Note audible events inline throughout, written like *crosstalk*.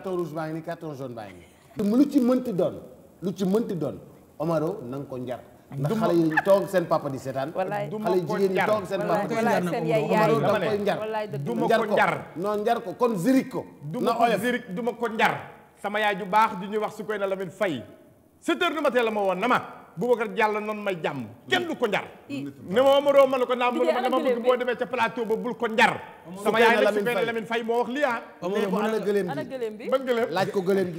14 rouge baa ngi ni 14 jaune baa ngi ni lu ci mënti doon lu ci mënti doon Omaro na nga ko njar ndax xale yi toog seen papa di seetaan xale yi jigéen ñi toog seen duma ko njar non njar ko kon zirik ko duma ko njar sama yaay ju baax ju ñuy wax su koy na Lamine Faye sept heures du matin la ma woon na ma bu Boubacar Diallo noonu may jàmm kenn du ko njar ne ma Amadou ma ne ko naa mën dama bëgg boo demee ca plateau ba bul ko njar sama yaay nag su fekkee Lamine Faye moo wax a ah Amadou mu ana gëléem bi ban gëléem laaj ko gëléem bi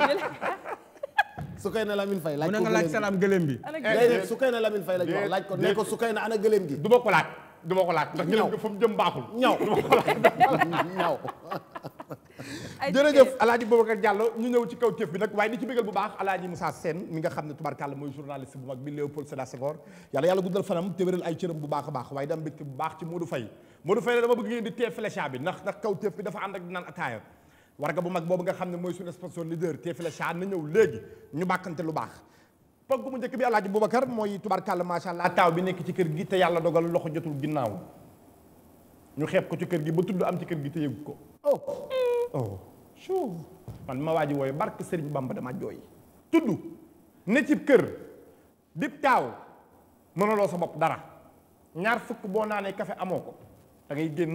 *laughs* Sukayna Lamine Faye laaj ko nga laaj salaam gëléem bi déedéet Sukayna Lamine Faye lañ wax laaj ko ne ko Sukayna ana gëléem gi du ma ko laaj du ma ko laaj ndax gëléem gi fu mu jëm baaxul ñaw du ma ko *laughs* ñaw jërëjëf alaaji Boubacar Diallo ñu ñëw ci kaw téef bi nag waaye di ci bégal bu baax alaaji Moussa Sène mi nga xam ne tubarkàlla mooy journaliste bu mag bi Léopold Sédar Senghor yàlla yàlla guddal fanam te wéral ay cëram bu baax a baax waaye dam mbégte bu baax ci Modou Faye Modou Faye dama bëgg ngeen di tee nga xam ne mooy suñu sponsor leader tee flécha na ñëw léegi ñu bàkkante lu baax pag bu njëkk bi alaaji Boubacar mooy tubarkàlla macha allah taaw bi nekk ci kër gi te yàlla dogal am ci kër ko oh. oh sure man ma waa ji wooyu barke Sëriñ Bamba dama jooy tudd ne ci kër dib taaw mënaloo sa bopp dara ñaar fukk boo naanee kafe amoo ko da ngay génn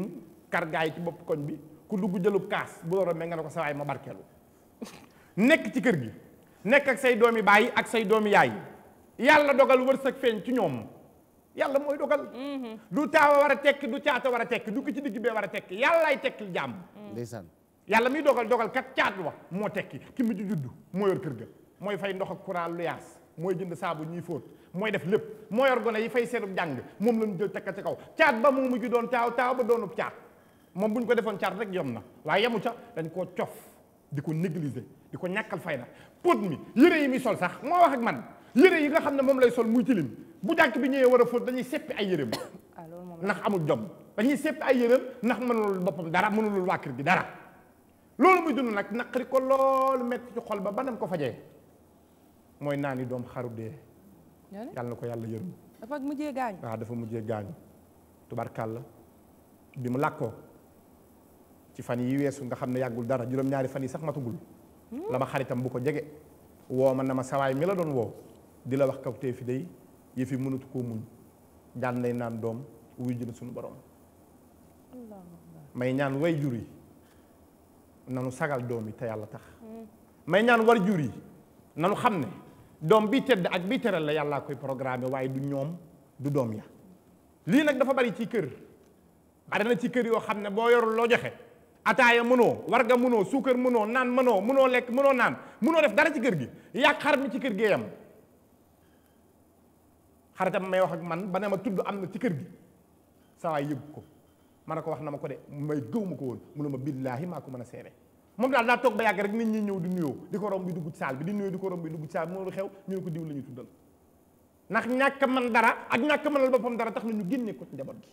kargaay ci bopp koñ bi ku dugg jëlub kaas bu doon romee nga ko sa waay ma barkeelu nekk ci kër gi nekk ak say doom yi baay ak say doom yaay yàlla dogal sa feeñ ci ñoom yàlla mooy dogal mm-hmm. du taawa war a tekki du caata war a tekki du ki ci digg bee war a tekki yàllaay tekkil jàmm ndeysaan yàlla miy dogal dogal kat caat wa moo tekki ki mu juddu moo yor kër ga mooy fay ndox ak courant luyaas mooy jënd saabu ñuy fóot mooy def lépp mooy yor gone yi fay seenu jàng moom la ñu jël tekka kaw caat ba moo mujj doon taaw taaw ba doonub caat moom bu ñu ko defoon caat rek yom na waaye yemu ca dañ koo cof di ko négliger di ko ñàkkal fayda póot mi yére yi muy sol sax moo wax ak man yére yi nga xam ne moom lay sol muy tilim bu jàkk bi ñëwee war a fóot dañuy seppi ay yéreem *coughs* ah, ndax amul jom dañuy seppi ay yéreem ndax mënulul boppam dara mënulul waa kër gi dara loolu muy dund nag naqari ko loolu metti xol ba banam ko fajee mooy naa ni doom xaru dee yàlla na ko yàlla yërëm dafa mujjee gaañu waaw ah, dafa mujjee gaañu tubarkàlla bi mu làkkoo ci fan yi weesu nga xam ne yàggul dara juróom-ñaari fan yi sax matugul hmm? la ma xaritam bu ko jege woo ma na ma sawaay mi la doon woo di la wax kaw tee fi day yëf mënatu koo muñ jaan lay naan doom wuy jël suñu borom may ñaan way jur yi nanu sagal doom yi te yàlla tax mm. may ñaan war jur yi nanu xam ne doom bi tedd ak bi teral la yàllaa koy programme waaye du ñoom du doom ya lii nag dafa bari ci kër bari na ci kër yoo xam ne boo yorul loo joxe ataaya mënoo warga mënoo suukar mënoo naan mënoo mënoo lekk mënoo naan mënoo def dara ci kër gi yàgg xar ci kër gee yam xaritam may wax ak man ba ne ma tudd am na ci kër gi saa waay yëg ko ma ne ko wax na ma ko de may gëw ko woon mu ne ma billaahi maa ko mën a seere moom daal daa toog ba yàgg rek nit ñi ñëw di nuyoo di ko romb bi dugg saal bi di nuyoo di ko romb bi dugg saal bi mu xew ñu ne ko diw la tuddal ndax ñàkk dara ak ñàkk mënal boppam dara tax na ñu génne ko ci njaboot gi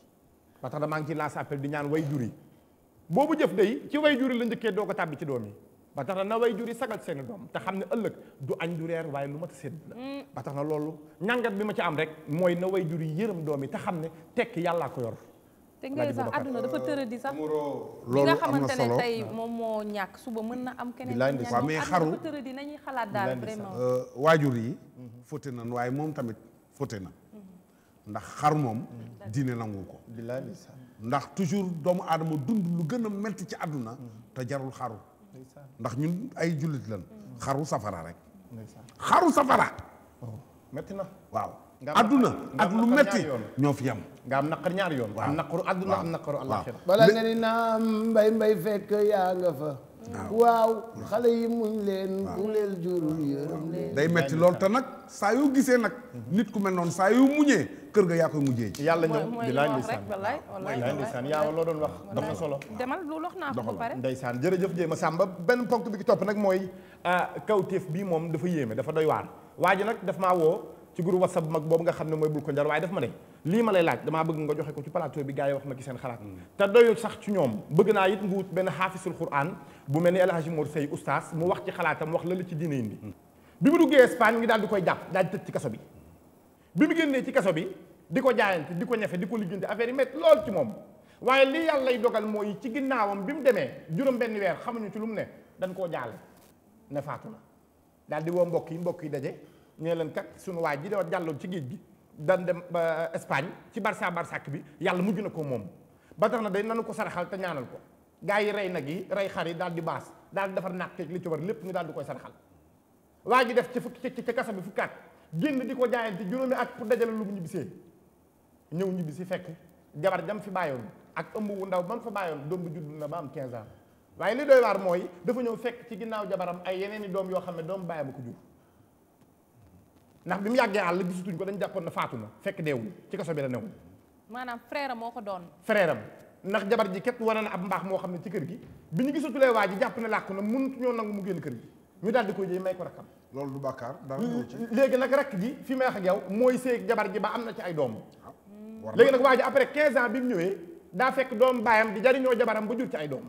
ba tax damaa ngi ci lancé appel di ñaan way jur yi boobu jëf day ci way jur yi la njëkkee doo ko tàbbi ci doom yi ba tax na na way jur yi sagal seeni doom ne ëllëg du añ du waaye lu mat a sédd mm. tax na loolu ñàngat bi ma ci am rek mooy na way jur yi yërëm doom yi te xam ne tekk yàllaa ko yor te ngay sax àdduna dafa tëradi sax. loolu nga xamante ne tey moom moo ñàkk suba mën na am. keneen ñàkk moom àdduna dafa tëradi nañuy euh, waajur yi. fote nañ waaye moom tamit fote na. Mm-hmm. ndax xar moom. Mm-hmm. diine nangu ko. ndax toujours doomu aadama dund lu gën a metti ci àdduna. Mm-hmm. te jarul xaru. ndax ñun ay jullit lan xaru safara rek. xaru safara. Oh, metti na waaw. àdduna ak lu metti ñoo fi yam nga am naqar ñaari yoon. am naqaru àdduna am naqaru àllaaxira. bala nga ni naam mbay mbay fekk yaa nga fa. waaw xale yi muñ leen. waaw ku leen jurul yërëm leen. day metti lool te nag saa yu gisee nag. Mhm. nit ku mel noonu saa yu muñee kër ga yaa koy mujjee ci. yàlla ñëw di laaj ndeysaan mooy li ndeysaan loo doon wax. dafa solo demal lu lox naa ko ba pare. ndeysaan jërëjëf Jéema sàmba benn ponk bi ki topp nag mooy ah, kawteef bii moom dafa yéeme dafa doy waar waa nag daf maa woo ci groupe whatsapp mag boobu nga xam ne mooy bul ko njar waaye daf ma ne lii ma lay laaj damaa bëgg nga joxe ko ci plateau bi gars yi wax ma ci seen xalaat mm. te doyul sax ci ñoom bëgg naa it nga wut benn xaafisul quran bu mel ni El Hadji Mor Sey oustaz mu wax ci xalaatam wax la la ci diine nii mm. bi mu duggee Espagne ngi daal di koy jàpp daal di tëj ci kaso bi bi mu génnee ci kaso bi di ko jaayante di ko ñafe di ko liggéeyante affaire yi lool ci moom waaye li yàlla lay dogal mooy ci ginnaawam bi mu demee juróom benn weer xamuñu ci lu mu ne dañ koo jaale ne faatu na daal di woo mbokk yi mbokk yi daje nee leen kat sunu waa ji da jàlloon ci géej gi dan dem Espagne ci Barça Barsak bi yàlla mujj na ko moom ba tax na day nanu ko saraxal te ñaanal ko gaa yi rey nag yi rey xar yi daal di baas daal di defar nàkkeeg li ci war lépp ñu daal di koy saraxal waa ji def ci fukk ci kasa bi fukkaat génn di ko jaayante juróomi at pour dajale lu mu ñibbisee ñëw ñibbisi fekk jabar jam fi bàyyoon ak ëmb wu ndaw ba fa bàyyoon doom bi judd na ba am 15 ans waaye li doy waar mooy dafa ñëw fekk ci ginnaaw jabaram ay yeneen i doom yoo xam ne doom bàyyi ba ndax bi mu yàggee àll gisutuñ ko dañ jàppoon na faatu na fekk deewul ci kaso bi la newul maanaam frère moo ko doon frère am ndax jabar ji képp wane na ab mbaax moo xam ne ci kër gi bi ñu gisatulee waa ji jàpp ne làkku na mënut ñoo nangu mu génn kër gi ñu daal di koy jëy may ko rakkam loolu du bàkkaar dara ci léegi nag rakk ji fi may wax yow mooy seeg jabar ji ba am na ci ay doom ah, léegi nag waa ji après 15 ans bi mu ñëwee daa fekk doom baayam di jariñoo jabaram ba jur ci ay doom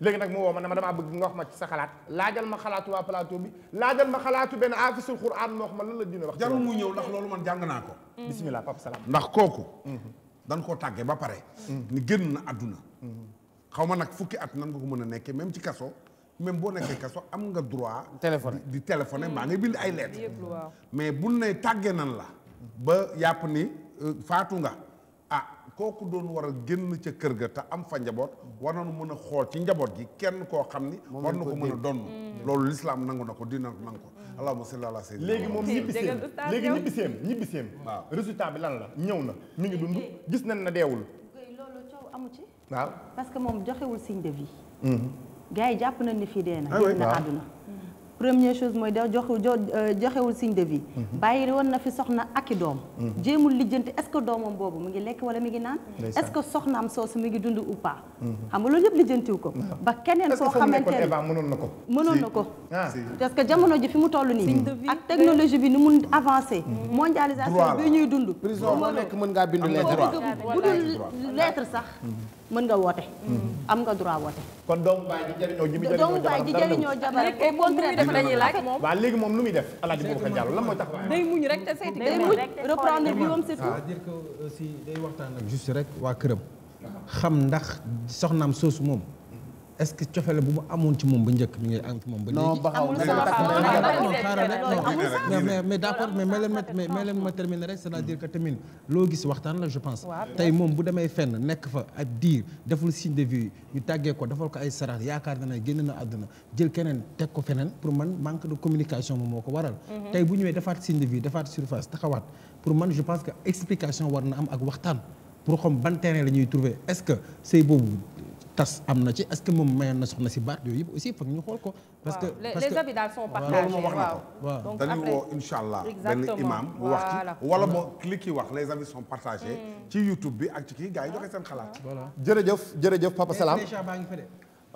léegi nag mu woo ma ne ma damaa bëgg nga wax ma ci sa xalaat laajal ma xalaatu waa plateau bi laajal ma xalaatu benn aafisul Qur'an moo xam ma lan la dina wax. jarul mu ñëw ndax loolu man naa ko. Mm. bisimilah papa salaam. ndax kooku. Mm-hmm. dañ koo tàggee ba pare. Mm. ni génn na àdduna. Mm-hmm. xaw ma nag fukki at nan nga ko mën a nekkee même ci kaso. même boo nekkee kaso am nga droit. téléphoné di téléphoné maa ngi bind ay leet mais bu ne tàggee nan la. ba yàpp ni euh, faatu nga. kooku doon war a génn ca kër ga te am fa njaboot war nañu mën a xool ci njaboot gi kenn koo xam ni war na ko mën a donn mm. loolu lislaam nangu na ko dina nangu ko allahumma salli ala sayyidina léegi moom ñibbiseem léegi ñibbiseem ñibbiseem waaw résultat bi lan la ñëw na mi ngi dund eh. gis nañ na deewul loolu coow amu ci waaw parce moom joxewul signe de vie mm-hmm. gars jàpp nañ ni fii dee na ah na àdduna première chose mooy da joxe euh, joxewul signe de vie. Mhm. bàyyi woon na fi soxna ak i doom. Mhm. jéemul lijjanti est-ce que doomam boobu mu ngi lekk wala mi ngi naan. est-ce que soxnaam soosu mi ngi dund ou pas. Mhm. xam nga loolu yëpp lijjantiw ko. ba keneen koo xamante ne mënoon na ko. mënoon na ko ah. parce que jamono ji fi mu toll nii. ak technologie bi ni mu avancé. mondialisation bi ñuy dund. prison nekk mën ngaa bind lettre bu dul lettre sax. mën nga woote. am nga droit woote. kon doomu baay ji jëriñoo ji jëriñoo jabaram ji jëriñoo jabaram dañuy laaj moom. waaw léegi moom lu muy def alaaj Hadj Boubacar Diallo lan mooy tax. day muñ rek te seeti day muñ waxtaan ak juste rek waa këram. xam ndax soxnaam soosu moom est ce que cofale bu mu amoon ci moom ba njëkk mi ngi am ci moom ba léegi. amul mais mais mais d' leen ma terminer rek c' est à dire que tamit loo gis waxtaan la je pense. tey moom bu demee fenn nekk fa ak diir deful signe de vie ñu tàggee ko defal ko ay sarax yaakaar na ne génn na àdduna jël keneen teg ko feneen pour man manque de communication moom moo ko waral. Mhm. tey bu ñëwee defaat signe de vie defaat surface taxawaat pour man je pense que explication war na am ak waxtaan pour xam ban terrain la ñuy trouver est ce que boobu. tas am na ci est-ce que moom mayoon na soxna si baat yooyu yëpp aussi foog ñu xool ko. parce que parce que les avis daal partagés donc après dañu allah benn imam bu wax ci wala moo mm. li kii wax les avis sont partagés. Mm. ci YouTube bi ak ci kii gars yi joxe seen xalaat. voilà jërëjëf jërëjëf Papa eh, Salam.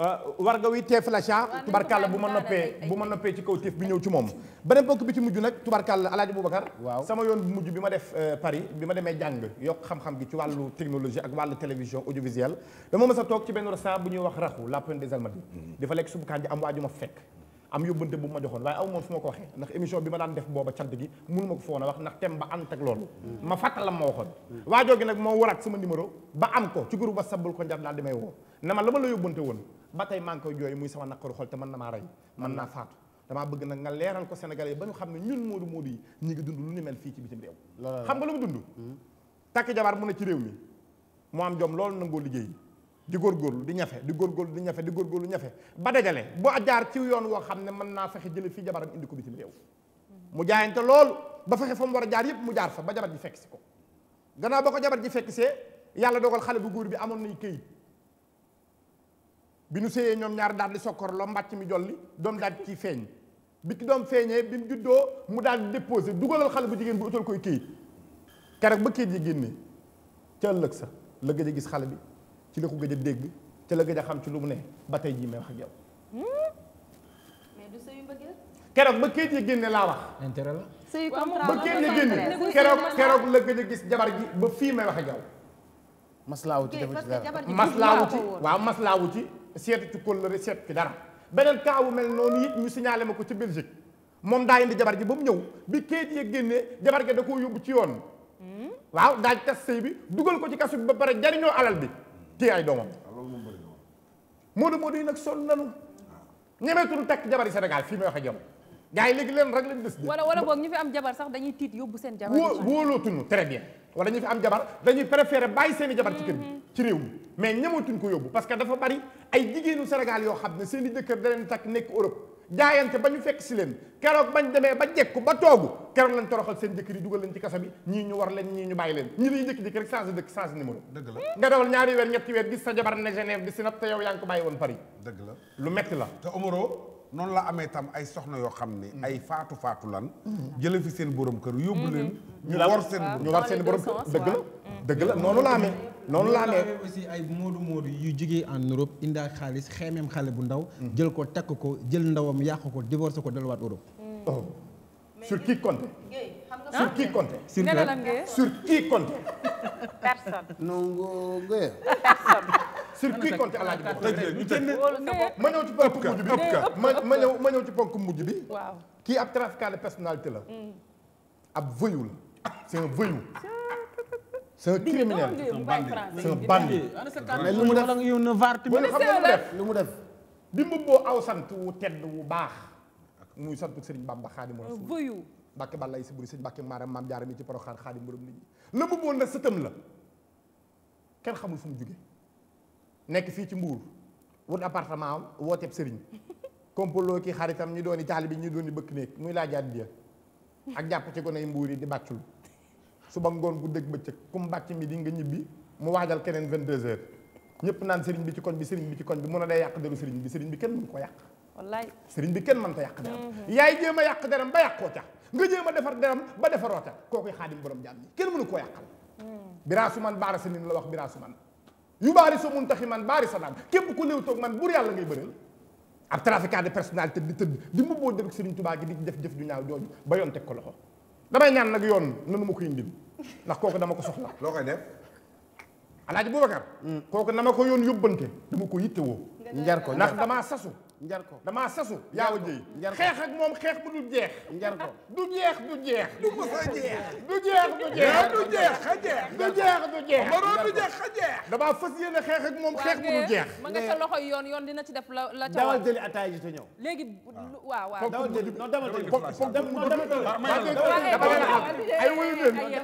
Euh, warga wi tee flasha tubarkalla bu ma noppee bu ma noppee ci kaw téef bi ñëw ci moom beneen bokk bi ci mujj nag tubarkalla alaaji Boubacar waaw sama yoon bu mujj bi ma def euh, Paris bi ma demee jàng yokk xam-xam gi ci wàllu technologie ak wàllu télévision audiovisuelle dama mës a toog ci benn restaurant bu ñuy wax raxu la Pointe des Almadies hmm. dafa lekk subu kànja am waaju ma fekk am yóbbante bu ma joxoon waaye aw moom fu ma ko waxee ndax émission bi ma daan def booba cant gi mënu ma ko foona wax ndax tem ba ànd ak loolu ma fàttalam ma waxoon waajoo gi nag moo waraat sama numéro ba am ko ci groupe ba sabul ko njar daal di may woo na ma la ma la yóbbante woon ba tey maa ngi koy jooy muy sama naqaru xol te man na maa rey mën naa faatu damaa bëgg nag nga leeral ko Sénégalais ba ñu xam ne ñun moodu moodu yi ñi ngi dund lu ni mel fii ci bitim réew xam nga lu mu hmm. takk jabar mu ne ci réew mi mu jom loolu nangoo liggéey di góorgóorlu di ñafe di góorgóorlu di ñafe di góorgóorlu ñafe ba dajale boo jaar ci yoon woo xam ne mën naa fexe jële fii jabaram indi ko bitim réew mu jaayante loolu ba fexe fa mu war a jaar yëpp mu jaar fa ba jabar ji fekk si ko gannaaw ba ko jabar ji fekk see yàlla dogal xale bu góor bi amoon nañ këyit bi nu séyee ñoom ñaar daal di sokkor loo mbàcc mi jolli doom daal ci feeñ bi ki doom feeñee bi mu juddoo mu daal di dugalal xale bu jigéen bi utal koy këyit keroog ba këyit yi génne ca ëllëg sa la gëj a gis xale bi ci la ko gëj a dégg ci la gëj a xam ci lu mu ne ba tey jii may wax ak yow. mais du sëyu mbëggeel. keroog ba kayit yi génne laa wax. ba kayit yi génne keroog keroog la gëj a gis jabar ji ba fii may wax ak yow. maslaawu ci defu ci dara maslaawu ci waaw maslaawu ci seet ci kóllëre seet ci dara. beneen cas bu mel noonu it ñu signalé ma ko ci Belgique moom daa indi jabar ji ba mu ñëw bi kayit yi génne jabar gi da koo yóbbu ci yoon. Hmm? waaw daaj tas sëy bi dugal ko ci kasu bi ba pare jariñoo alal bi te ay doomam. Modou Modou yi nag sonn nañu. ñemeetul takk jabari Sénégal fii may wax ak yow. gars yi léegi leen rek lañ des. wala wala boog ñu fi am jabar sax dañuy tiit yóbbu seen. jabar wóo wóolootuñu très bien. wala ñu fi am jabar dañuy préférer bàyyi seeni jabar ci kër mm-hmm. ci réew mi mais ñematuñ ko yóbbu parce que dafa bari ay jigéenu Sénégal yoo xam ne seen i jëkkër da leen takk nekk Europe jaayante ba ñu fekk si leen keroog bañ demee ba jekku ba toogu keroog lañ toroxal seen jëkkër yi dugal leen ci kasa bi ñii ñu war leen ñii ñu bàyyi leen ñi liy jëkki-jëkki rek changé dëkk changé numéro ñetti weer gis sa jabar ne Genève di si nag te yow yaa ngi ko bàyyi woon Paris dëgg la lu metti la te Omaro noonu la amee tam ay soxna yoo xam ne ay faatu faatu lan mm-hmm. jëlee fi seen borom kër yóbbu leen mm-hmm. ñu war seen mm-hmm. ñu war seen borom kër dëgg la dëgg la noonu la amee noonu la amee aussi ay moodu moodu yu jugee en Europe indaa xaalis xeemeem xale bu ndaw. Mm-hmm. jël ko takk ko jël ndawam yàq ko divorce ko delluwaat Europe. oh sur qui compte. sur qui compte. *laughs* sur sur qui compte. personne. ab trafiquant de personnalité la. Mm. c'est un criminel c'est un bandit mais lu mu def lu mu def di mbubboo aw sant wu tedd wu baax muy santu Sëriñ Bamba Xaadimu Rasuul euh, Mbàkke Balla si buri sëñ Mbàkke maaram maam jaaram ci poroxaan xaadim borom nit ñi la mbubboo na sëtam la kenn xamul fu mu jóge nekk fii ci Mbuur wut appartement am wooteeb sëriñ *laughs* kompaloo ki xaritam ñu dooni taali bi ñu dooni bëkk néeg muy laa jaat ak jàpp ci gone yi mbuur yi di bàccul suba ngoon guddeeg bëccëg ku mbàcc mi di nga ñibbi mu waajal keneen 22 heures ñëpp naan sëriñ bi ci koñ bi sëriñ bi ci koñ bi mun a day yàq deru sëriñ bi sëriñ bi kenn mën ko yàq bi kenn mën ta mhm. yaay jéem yàq deram ba yàqoo ca nga jéem a defar deram ba defaroo ca kookuy xaadim borom jàmm yi kenn mënu koo yàqal mhm. man baara sa nin la wax biraasu man yu baari sa mun taxi man baari sa daan képp ku léew toog man buur yàlla ngay bëral ab trafiquant de personnalité di tëdd di mu boo def sëriñ Tuubaa gi di def jëf ju ñaaw jooju ba yoon teg ko loxo damay ñaan nag yoon nanu ma koy indil ndax kooku dama ko soxla. loo koy def. alaaji Boubacar. Mm. kooku na ko yoon yóbbante dama ko yittewoo. njar ko ndax damaa sasu. njar ko damaa sasu yaa wa jëy xeex ak moom xeex bu dul jeex du jeex du jeex du a jeex du jeex du jeex du jeex a jeex du jeex du jeex baroo du jeex a jeex damaa fas yéene xeex ak moom xeex bu dul jeex ma nga ca loxoy yoon yoon dina ci def la la ca dawal jëli ataay ji te ñëw léegi waaw waaw dawal jëli non dawal jëli ay wayu leen ay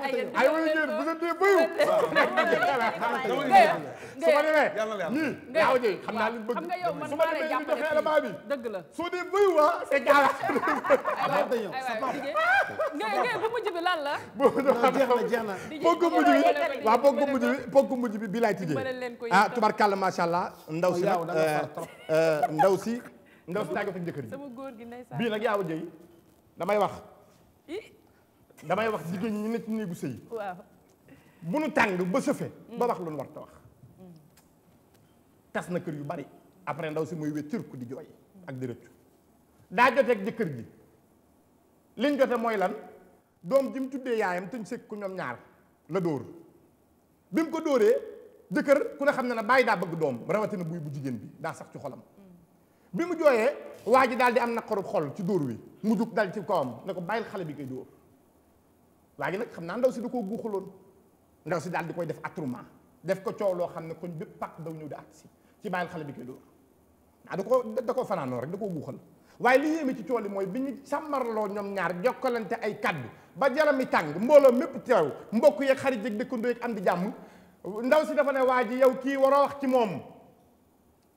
wayu leen bu ngeen dee bayu su ma demee ñii yaa wa jëy débat bi dëgg la su dee buy waa c'est jaara ngay ngay bu mujj bi lan la jeex na jeex na pogg mujj bi waaw pogg mujj bi pogg mujj bi bi laay tijjee ah tubarkàlla macha allah ndaw si oh, nag euh, euh, ndaw si ndaw si tàggat ak njëkkër yi bii nag yaa jëy damay wax damay wax jigéen ñi nekk ci néegu sëy bu nu tàng ba sëfe ba wax lu nu war ta wax mm. tas na kër yu bari après ndaw si muy wét turku di jooy ak di rëccu daa joteeg jëkkër ji liñ jote mooy lan doom ji mu tuddee yaayam te ñu sekk ku ñoom ñaar la dóor bi mu ko dóoree jëkkër ku ne xam ne ne bàyyi daa bëgg doom rawatina buy bu jigéen bi daa sax ci xolam bi mu jooyee waa ji daal di am naqaru xol ci dóor wi mu jug dal ci kawam ne ko bàyyil xale bi koy dóor nag xam naa ndaw si da koo guuxaloon ndaw si daal di koy def attroupement def ko coow loo xam ne koñ bépp pàq daw ci bàyyil xale bi koy dóor ah da koo da ko fanaanoo rek da koo guuxal waaye li yéeme ci cooli mooy bi ñu sàmmarloo ñoom ñaar jokkalante ay kaddu ba jarami tàng mbooloo mépp teew mbokk yeeg xarit yeeg dëkkandoo yeeg am di jàmm ndaw si dafa ne waa ji yow kii waroo wax ci moom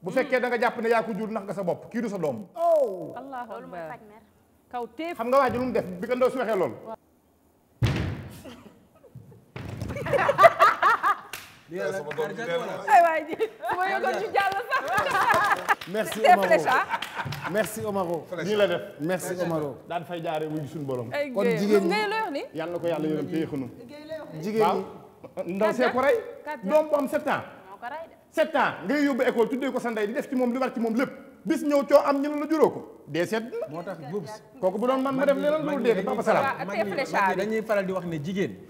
bu fekkee da nga jàpp ne yaa ko jur nax nga sa bopp kii du sa doom oh allahu kaw teef xam nga waa lu mu def bi ko ndaw si waxee loolu *laughs* merci Omaro merci Omaro. nii la def merci Omaro. daan fay jaaree mu ngi suñu borom. kon jigéen ñi yal na ko yàlla yërëm te yëxunu. jigéen ñi ndaw see ko doom bu am sept ans. sept ans ngay yóbbu école tuddee ko sa ndey di def ci moom li war ci moom lépp. bis ñëw coo am ñu ne la juróo ko dee seet na moo tax boobu kooku bu doon man ma def leneen loolu dee ko salaam dañuy faral di wax ne jigéen